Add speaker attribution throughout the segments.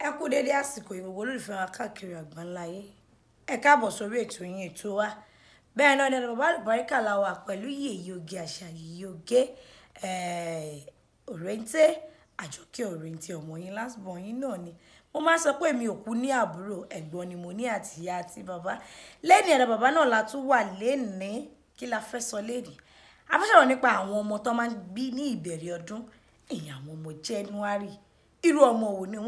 Speaker 1: ẹ kú dédé àsìkò ìgbòho olólùfẹ́ wa káàkiri àgbáńláyé ẹ káàbọ̀ sórí ètò yín ètò wa bẹ́ẹ̀ náà ni bàbá àlùbáríkà la wà pẹ̀lú yèyí oge àṣà yèyí oge òrèǹté àjọkẹ́ òrèǹté ọmọ yín lásìbọn yín náà ni mo máa sọ pé mi ò ní àbúrò ẹ̀gbọ́n ni mo ní àtìyá àti bàbá lẹ́nìí ẹ̀rọ bàbá náà la tún wà lẹ́nìí kí la fẹ́ sọ lẹ́nìí a fẹ́ sọ̀rọ̀ nípa àwọn ọmọ tó máa ń bí ní ìbẹ̀rẹ̀ ọdún èèyàn ọmọ January irú ọmọ wo ni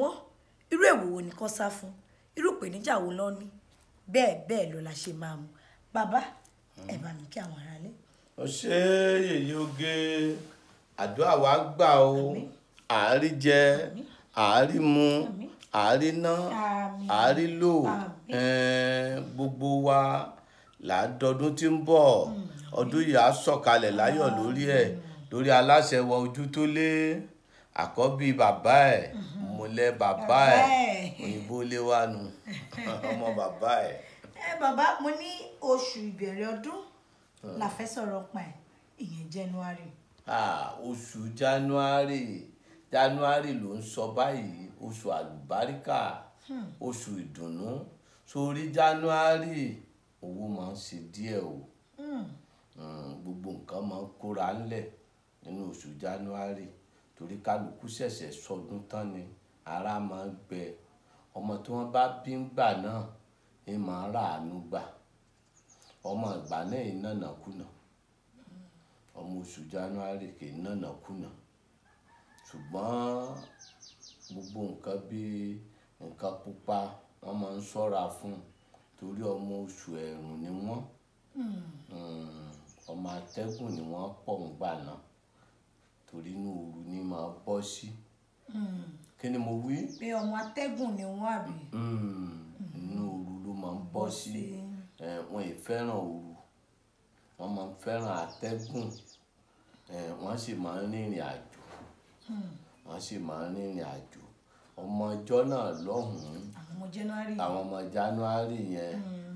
Speaker 1: irú èwo wo ni kán sá fún irú ìpèníjà wo lọ ní bẹ́ẹ̀ bẹ́ẹ̀ ló la ṣe máa mú bàbá ẹ bá mi kí àwọn aráalé.
Speaker 2: ó ṣe yèyí oge àdúrà wa gbà o àárí jẹ àárí mu àárí ná àárí lò gbogbo wa làádọ́dún tí ń bọ̀ hmm. ọdún yìí á sọ̀kalẹ̀ láyọ̀ lórí ẹ̀ hmm. lórí aláṣẹ wa ojú tó lé. Mm àkọ́bí bàbá ẹ̀ mhm. mọ̀lẹ́ bàbá ẹ̀ òyìnbó léwá nu ọmọ bàbá ẹ̀.
Speaker 1: ẹ bàbá mo ní oṣù ìbẹ̀rẹ̀ ọdún hmm. la fẹ́ sọ̀rọ̀ pa ẹ̀ ìyẹn january.
Speaker 2: oṣù january january ló ń sọ báyìí oṣù àlùbáríkà hmm. oṣù ìdùnnú sórí january owó máa ń ṣe díẹ̀ o hmm. gbogbo nǹkan máa ń kóra ńlẹ̀ nínú oṣù january. Hmm torí kálukú ṣẹ̀ṣẹ̀ sọdún tán ni ara máa ń gbẹ ọmọ tí wọ́n bá bí ń gbà náà ń máa ràánú gbà ọmọ ìgbà náà ń nànà kùnà ọmọ oṣù January kì í nànà kùnà ṣùgbọ́n gbogbo nǹkan bíi nǹkan pupa wọ́n máa ń ṣọ́ra fún torí ọmọ oṣù ẹ̀rùn ni wọ́n hmm. Hmm, ọmọ atẹ́gùn ni wọ́n pọ̀ ń gbà náà. torí inú òru ni màá bọ́ sí. Hmm. kí ni mo wí. pé
Speaker 1: ọmọ atẹ́gùn ni wọ́n àbí.
Speaker 2: Hmm. inú òru ló máa ń bọ́ sí eh, wọn ì fẹ́ràn òru wọ́n máa ń fẹ́ràn atẹ́gùn eh, wọ́n sì máa ń rìnrìn àjò hmm. wọ́n sì máa ń rìnrìn àjò ọmọ ọjọ́ náà lọ́hùn-ún àwọn ọmọ January yẹn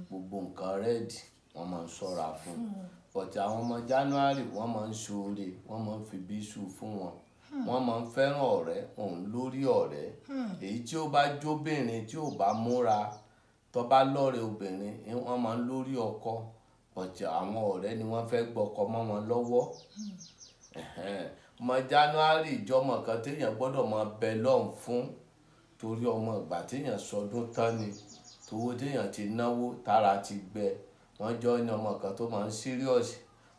Speaker 2: gbogbo nǹkan rẹ́ẹ̀dì wọ́n máa ń ṣọ́ra fún un. but àwọn ọmọ January wọ́n máa ń ṣoore wọ́n máa ń fi bí ṣu fún wọn hmm. wọ́n máa ń fẹ́ràn ọ̀rẹ́ òun lórí ọ̀rẹ́ hmm. èyí tí ó bá jóbìnrin tí ò bá múra tó bá lọ́rẹ̀ẹ́ obìnrin wọ́n máa ń lórí ọkọ but àwọn ọ̀rẹ́ ni wọ́n fẹ́ gbọ́kọ mọ́ wọn lọ́wọ́ hmm. ọmọ January ìjọmọ kan téèyàn gbọ́dọ̀ máa bẹ lọ́hùn fún torí ọmọ ìgbà téèyàn sọdún tán ni tówó téèyàn ti náwó tára ti gbẹ wọ́n jọ ní ọmọ kan tó máa ń serious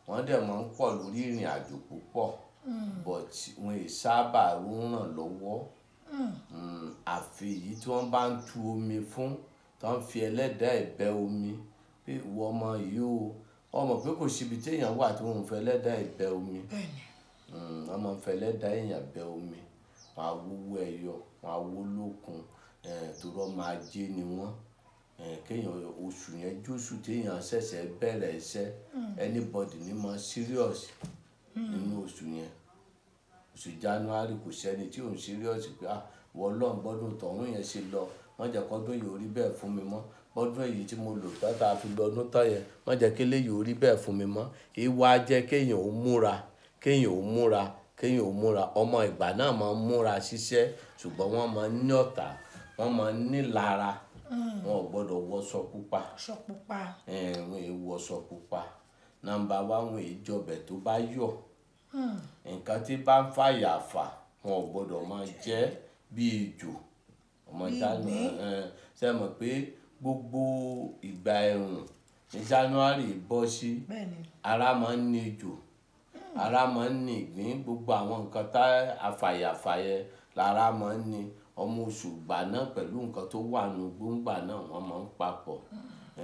Speaker 2: wọ́n dẹ̀ máa ń pọ̀ lórí ìrìn àjò púpọ̀ hmm. but wọn ì sábà ń ràn lọ́wọ́ hmm. hmm, àfi èyí tí wọ́n bá ń tu omi fún tó ń fi ẹlẹ́dàá ẹ̀bẹ̀ omi pé ìwọ ọmọ yìí o ọmọ pé kò síbi téèyàn wà tí wọ́n ń fẹ́ ẹlẹ́dàá ẹ̀bẹ̀ omi wọ́n ń fẹ́ ẹlẹ́dàá èèyàn bẹ̀ omi wọ́n á wúwo ẹyọ wọ́n á wó lókun tòrọ́ máa jẹ́ ni wọ́n kéèyàn oṣù yẹn jóṣù téèyàn ṣẹ̀ṣẹ̀ bẹ̀rẹ̀ iṣẹ́ hmm. anybody ni mo serious hmm. nínú oṣù yẹn oṣù January kò sẹ́ni tí òun serious pé ah wọ́n lọ́n gbọ́dún tọ̀hún yẹn ṣe lọ wọ́n jẹ́ kọ́dún yìí ò rí bẹ́ẹ̀ fún mi mọ́ bọ́dún èyí tí mo lò tá a fi lọ ọdún tán yẹn wọ́n jẹ́ kí eléyìí ò rí bẹ́ẹ̀ fún mi mọ́ ìwà jẹ́ kéèyàn ó múra kéèyàn ó múra kéèyàn ó múra ọmọ ìgbà náà máa ń múra ṣiṣẹ́ ṣùgbọ́n wọ́n máa ń ní ọ̀tá wọ́n máa ń ní lára wọn ò gbọ́dọ̀ wọṣọ pupa wọn èè wọṣọ pupa nàmbà wa wọn èè jọbẹ tó bá yọ nǹkan hmm. tí bá ń fàyà fà wọn ò gbọ́dọ̀ máa jẹ bí ejò
Speaker 1: ọmọ dáná
Speaker 2: ṣe mọ̀ pé gbogbo ìgbà ẹ̀rùn ní january bọ́ sí ara máa ń ní ejò hmm. ara máa ń ní ìgbín gbogbo àwọn nǹkan tá àfàyàfàyẹ lára máa ń ní ọmọ oṣù gbà náà pẹ̀lú nǹkan tó wà nù gbóngbà náà wọ́n máa ń papọ̀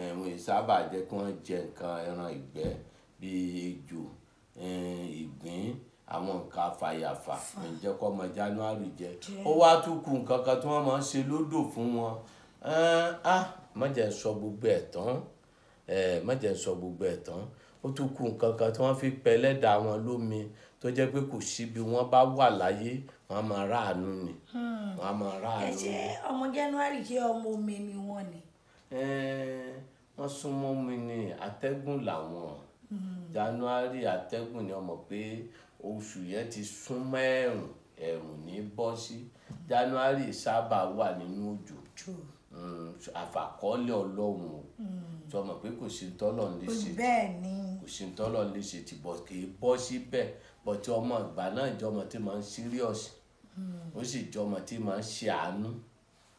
Speaker 2: ẹ̀hún ìsábà jẹ́ kí wọ́n jẹ nǹkan ẹran ìgbẹ́ bíi ejò ìgbín àwọn nǹkan àfàyàfà ǹjẹ́ kọ́ ọmọ January jẹ ó wá tún kù nǹkan kan tí wọ́n máa ń ṣe lódò fún wọn ah, á sọ gbogbo ẹ̀ tán má sọ gbogbo ẹ̀ tán ó tún kù nǹkan kan tí wọ́n fi pẹ́ lẹ́dàá wọn lómi tó jẹ́ pé kò sí bí wọ́n bá wà láyé wọ́n á máa ráàánú ni hmm. wọ́n á máa ráàánú ni. ẹ
Speaker 1: ọmọ January jẹ́ ọmọ omi ni wọ́n ni.
Speaker 2: wọ́n súnmọ́ mi ni atẹ́gùn làwọn hmm. January atẹ́gùn ni ọmọ pé oṣù yẹn ti súnmọ́ ẹ̀rùn ẹ̀rùn ní bọ́ sí January sábà wà nínú òjò hmm, àfàkọ́lẹ̀ ọlọ́run o sọ pé kò sí tọ́lọ̀ ń lè ṣe. bẹ́ẹ̀ ni kò ṣe ń tọ́lọ̀ lè ṣe ti bọ̀ kì í bọ́ síbẹ̀ bọ̀ tí ọmọ ìgbà náà jọmọ tí máa ń serious ó sì jọmọ tí máa ń ṣe àánú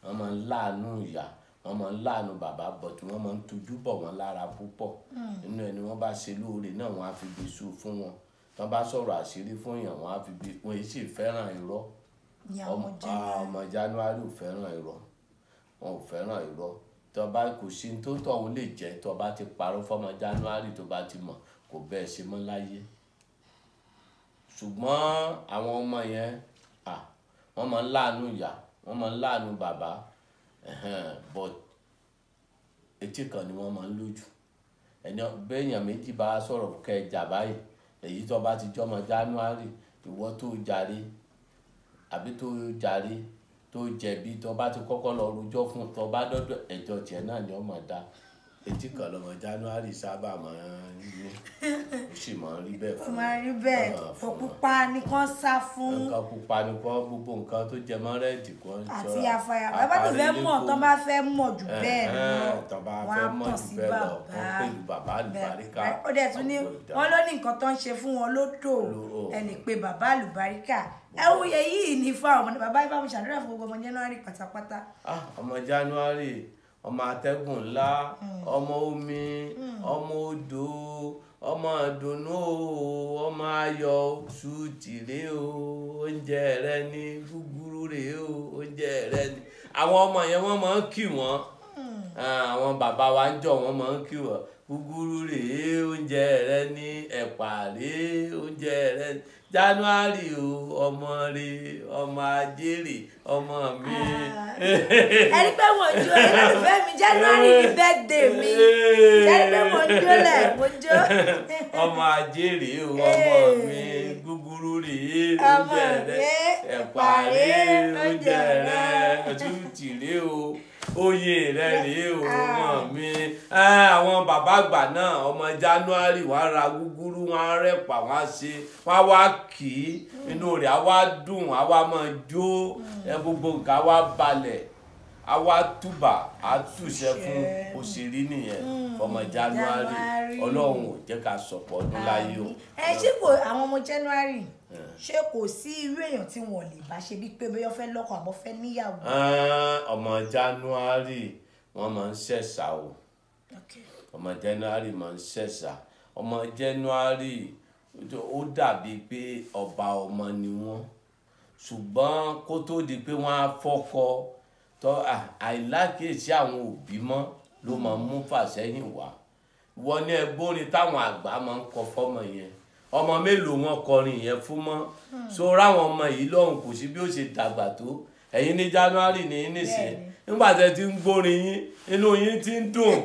Speaker 2: wọ́n máa ń láàánú ìyá wọ́n máa ń láàánú bàbá bọ̀ tí wọ́n máa ń tojú bọ̀ wọ́n lára púpọ̀ nínú ẹni wọ́n bá ṣe lóore náà wọ́n á fi gbé sùn fún wọn tí wọ́n bá sọ̀rọ̀ àṣírí fún èèyàn wọ́n á fi gbé wọn èyí sì fẹ́ràn irọ́ ah, ọmọ January ò fẹ́ràn irọ́ wọn ò fẹ́ràn irọ́ tó bá kò sí tó tọ̀hún lè jẹ́ tó bá ti parọ́ fọmọ January tó bá ti mọ̀ kò bẹ́ẹ̀ ṣe mọ́ láyé ṣùgbọ́n àwọn ọmọ yẹn wọ́n máa ń láàánú ìyá wọ́n máa ń láàánú bàbá but etí kan ni wọ́n máa ń lójú ẹni bẹ́ẹ̀yàn méjì bá sọ̀rọ̀ kẹjà báyìí èyí tó bá ti jọmọ January ìwọ tó jàre àbí tó jàre tó jẹ̀bi tó ti kọ́kọ́ lọ rojọ́ fún tó dọ́dọ̀ ẹjọ́ tiẹ̀ náà ni ọmọ dáa etí kan lọmọ january sábà máa ń ní ó sì máa ń rí bẹ́ẹ̀ fún
Speaker 1: máa rí bẹ́ẹ̀ kò pupa ni kàn sá fún nǹkan
Speaker 2: pupa ni kàn gbogbo nǹkan tó jẹ mọ́ rẹ́ẹ̀dì kan ṣọ́ra àti àfàyà bàbá tó fẹ́ mọ̀ tán bá
Speaker 1: fẹ́ mọ̀ jù bẹ́ẹ̀ lọ wọ́n á tàn sí bàbá ó dẹ̀ tún ní wọ́n ló ní nǹkan tó ń ṣe fún wọn lódò ẹni pé bàbá àlùbáríkà ẹwúyẹ yìí ní fún àwọn ọmọ bàbá ibà mo ṣàdúrà fún gbogbo ọmọ january pátápátá.
Speaker 2: Ah, ọmọ january ọmọ atẹ́gùn ńlá hmm. ọmọ omi hmm. ọmọ odò ọmọ ìdùnnú o ọmọ ayọ̀ oṣù tìrẹ o oúnjẹ rẹ ní gúgúrú rẹ o oúnjẹ rẹ ní àwọn ọmọ yẹn wọ́n máa ń kì wọ́n àwọn bàbá wa ń jọ wọn máa ń kí wọn gúgúrú rèé oúnjẹ rẹ ní ẹ̀pà rèé oúnjẹ rẹ january o ọmọ rè ọmọ ajé rè ọmọ mi. Ah, ẹni pé mo jó ẹlẹ́fẹ́ mi january ni birthday mi eh. ẹni pé mo jó lẹ̀ mo jó. ọmọ ajé rè o eh. ọmọ mi gúgúrú rèé oúnjẹ rẹ
Speaker 1: ẹ̀pà rèé oúnjẹ
Speaker 2: rẹ ọtúntì rèé o oyè rẹ rèé o ah. ọmọ mi àwọn bàbá àgbà náà ọmọ january wàá ra gúgúrú wàá rẹpà wàá ṣe wàá wá kì í hmm. inú rẹ̀ á wá dùn á wá máa jó hmm. ẹ gbogbo nǹkan á wá balẹ̀ a wá túbà a túṣẹ fún òṣèré nìyẹn hmm. ọmọ january ọlọ́run ò jẹ́ ká sọ̀pọ̀ ọdún láyé o.
Speaker 1: ẹ ṣé kò àwọn ọmọ january ṣé kò sí irú èèyàn tí wọn lè bá ṣe bí pé bóyá fẹ́ lọ́kọ àbọ̀ fẹ́ níyàwó. Ah,
Speaker 2: ọmọ january wọn máa ń ṣẹ̀ṣà o ọmọ january máa ń ṣẹ̀ṣà ọmọ january ó dàbí pé ọba ọmọ ni wọn ṣùgbọ́n kó tó di pé wọ́n á fọ́kọ tó àìlákèésí àwọn òbí mọ́ ló máa ń mú fàṣẹ́yìn wá wọ́n ní ẹgbórin táwọn àgbà máa ń kọ fọ́mọ yẹn ọmọ mélòó wọn kọrin yẹn fún mọ́ hmm. so ráwọn ọmọ yìí lọ́hùn kò sí bí ó ṣe dàgbà tó ẹ̀yin ní January ní nísìn nígbà tẹ́ ti ń gbórin yín inú yín ti ń dùn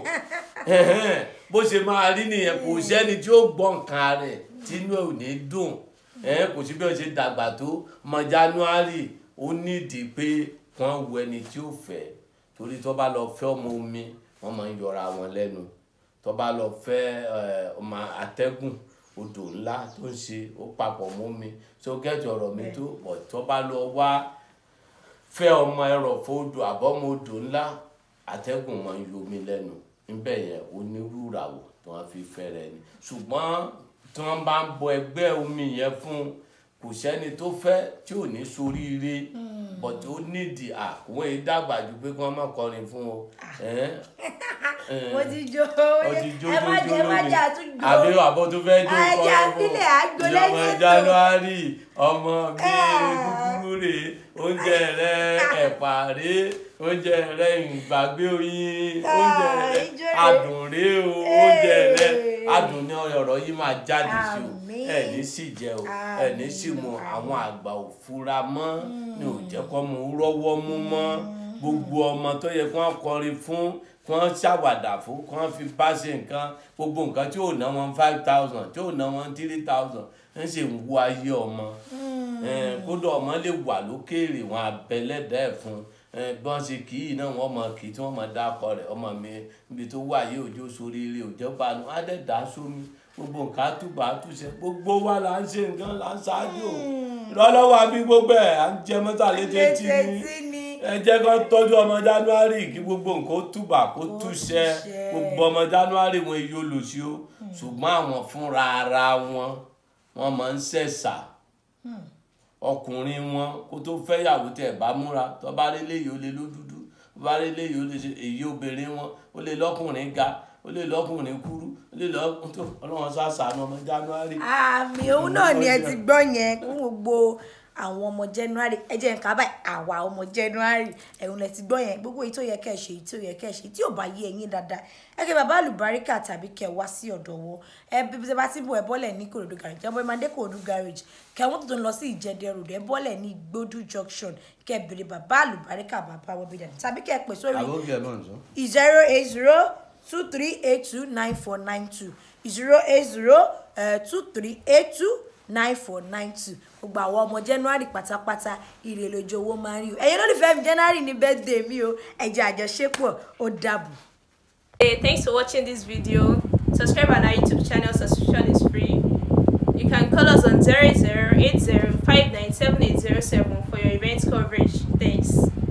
Speaker 2: bó ṣe máa rí nìyẹn kò hmm. sẹ́ni tí ó gbọ́ nǹkan rẹ̀ tí inú ò ní dùn hmm. kò sí bí ó ṣe dàgbà tó ọmọ January ó nídìí pé wọ́n wo ẹni tí ó fẹ́ torí tó bá lọ fẹ́ ọmọ omi wọ́n máa ń yọra wọn lẹ́nu tó bá lọ fẹ́ ọmọ atẹ́gùn odò ńlá tó ń ṣe ó papọ̀ mú mi so gẹ́tù ọ̀rọ̀ mi tó bọ̀ tó bá lọ wá fẹ́ ọmọ ẹrọ̀fọ̀ odò àbọ̀mọ odò ńlá atẹ́gùn mọ́ yomi lẹ́nu níbẹ̀ yẹn onírúuràwọ̀ tí wọ́n fi fẹ́rẹ̀ ni ṣùgbọ́n tí wọ́n bá ń bọ ẹgbẹ́ omi yẹn fún un kò sẹ́ni tó fẹ́ tí ò ní soríire hmm. but ó nídìí àkùnwé dàgbà ju pé kí wọ́n má kọrin fún o. mo ti jó ẹ má jẹ má jẹ àtúnjó àbí tó fẹ́ jó kọrin fún o ẹ̀jẹ̀ àbílẹ̀
Speaker 1: àgbọ̀lẹ́jẹ̀ tó.
Speaker 2: ìjọba january ọmọ bíi kúkúrú rè oúnjẹ rẹ ẹ̀pà rè oúnjẹ rẹ ìgbàgbé oyin ah, oúnjẹ rẹ adùn rè o oúnjẹ rẹ. Eh adùn ní ọ̀rọ̀ yìí máa jáde sí o ẹni sì jẹ o ẹni sì mu àwọn àgbà ò fura mọ́ ni hmm. ò jẹ́ kọ́ mu rọ́wọ́ mú mọ́ hmm. gbogbo ọmọ tó yẹ kí wọ́n kọrin fún kí wọ́n ṣàwàdà fún kí wọ́n fi bá ṣe nǹkan gbogbo nǹkan tí ò ná wọn five thousand tí ò ná wọn three thousand ń ṣe ń wú ayé ọmọ hmm. kódà ọmọ lè wà lókèèrè wọn abẹ́lẹ́dẹ́ẹ̀ fún un bọ́n ṣe kì í náà wọ́n mọ̀ kì í tí wọ́n mọ̀ dákọ rẹ̀ ọmọ mi níbi tó wà yìí òjò soríire òjò banu ádẹ́dá sómi gbogbo nǹkan àtúbà àtúnṣe gbogbo wa là ń ṣe nǹkan là ń ṣáájú lọ́lọ́wọ́ hmm. àbí gbogbo ẹ̀ à ń jẹ mọ́tàlétí tí mi ẹ jẹ́ kó tọ́jú ọmọ january kí gbogbo nǹkan túbà kó túṣẹ gbogbo ọmọ january wọn èyí olùsí o hmm. ṣùgbọ́n àwọn fúnra ara wọn wọn máa ń ṣẹ̀ṣà hmm ọkùnrin wọn kó tó fẹ́yàwó tẹ̀ bá múra tó bá rí léyìí ó lè ló dúdú tó bá rí léyìí ó lè ṣe èyí obìnrin wọn ó lè lọ́kùnrin ga ó lè lọ́kùnrin kúrú ó lè lọ́kùnrin tó ọlọ́run sá sànù ọmọ January. àmì òun náà ni ẹ ti
Speaker 1: gbọ́ yẹn kún gbogbo àwọn ọmọ January ẹ jẹ́ nǹkan báyìí àwa ọmọ January ẹ̀hún lẹ ti gbọ́ yẹn gbogbo èyí tó yẹ kẹ́ ẹ ṣe èyí tó yẹ kẹ́ ẹ ṣe tí ò bá yé ẹ̀yin dáadáa ẹ kẹ́ bàbá àlùbáríkà tàbí kẹ́ ẹ wá sí ọ̀dọ̀ wọn ẹ bí bá ti bọ̀ ẹ bọ́lẹ̀ ní kòròdú garage ẹ bọ́ ẹ máa dé kòròdú garage kẹ́ wọ́n tuntun lọ sí ìjẹdẹ road ẹ bọ́lẹ̀ ní gbódú junction kẹ́ ẹ béèrè bàbá àlùbáríkà bàbá wọn bìdàn tàbí kẹ́ ẹ pè sórí zero eight zero two three eight two nine four nine two zero eight zero eh, two three eight two nine four nine two gbogbo àwọn ọmọ january pátápátá ire lójú owó máa ń rí o ẹ̀yin olólùfẹ́ mi january ni birthday mi o ẹ̀jẹ̀ àjọṣepọ̀ ó dàbọ̀. hey thanks for watching this video subscribe on our youtube channel subscription is free you can call us on zero zero eight zero five nine seven eight zero seven for your event coverage thanks.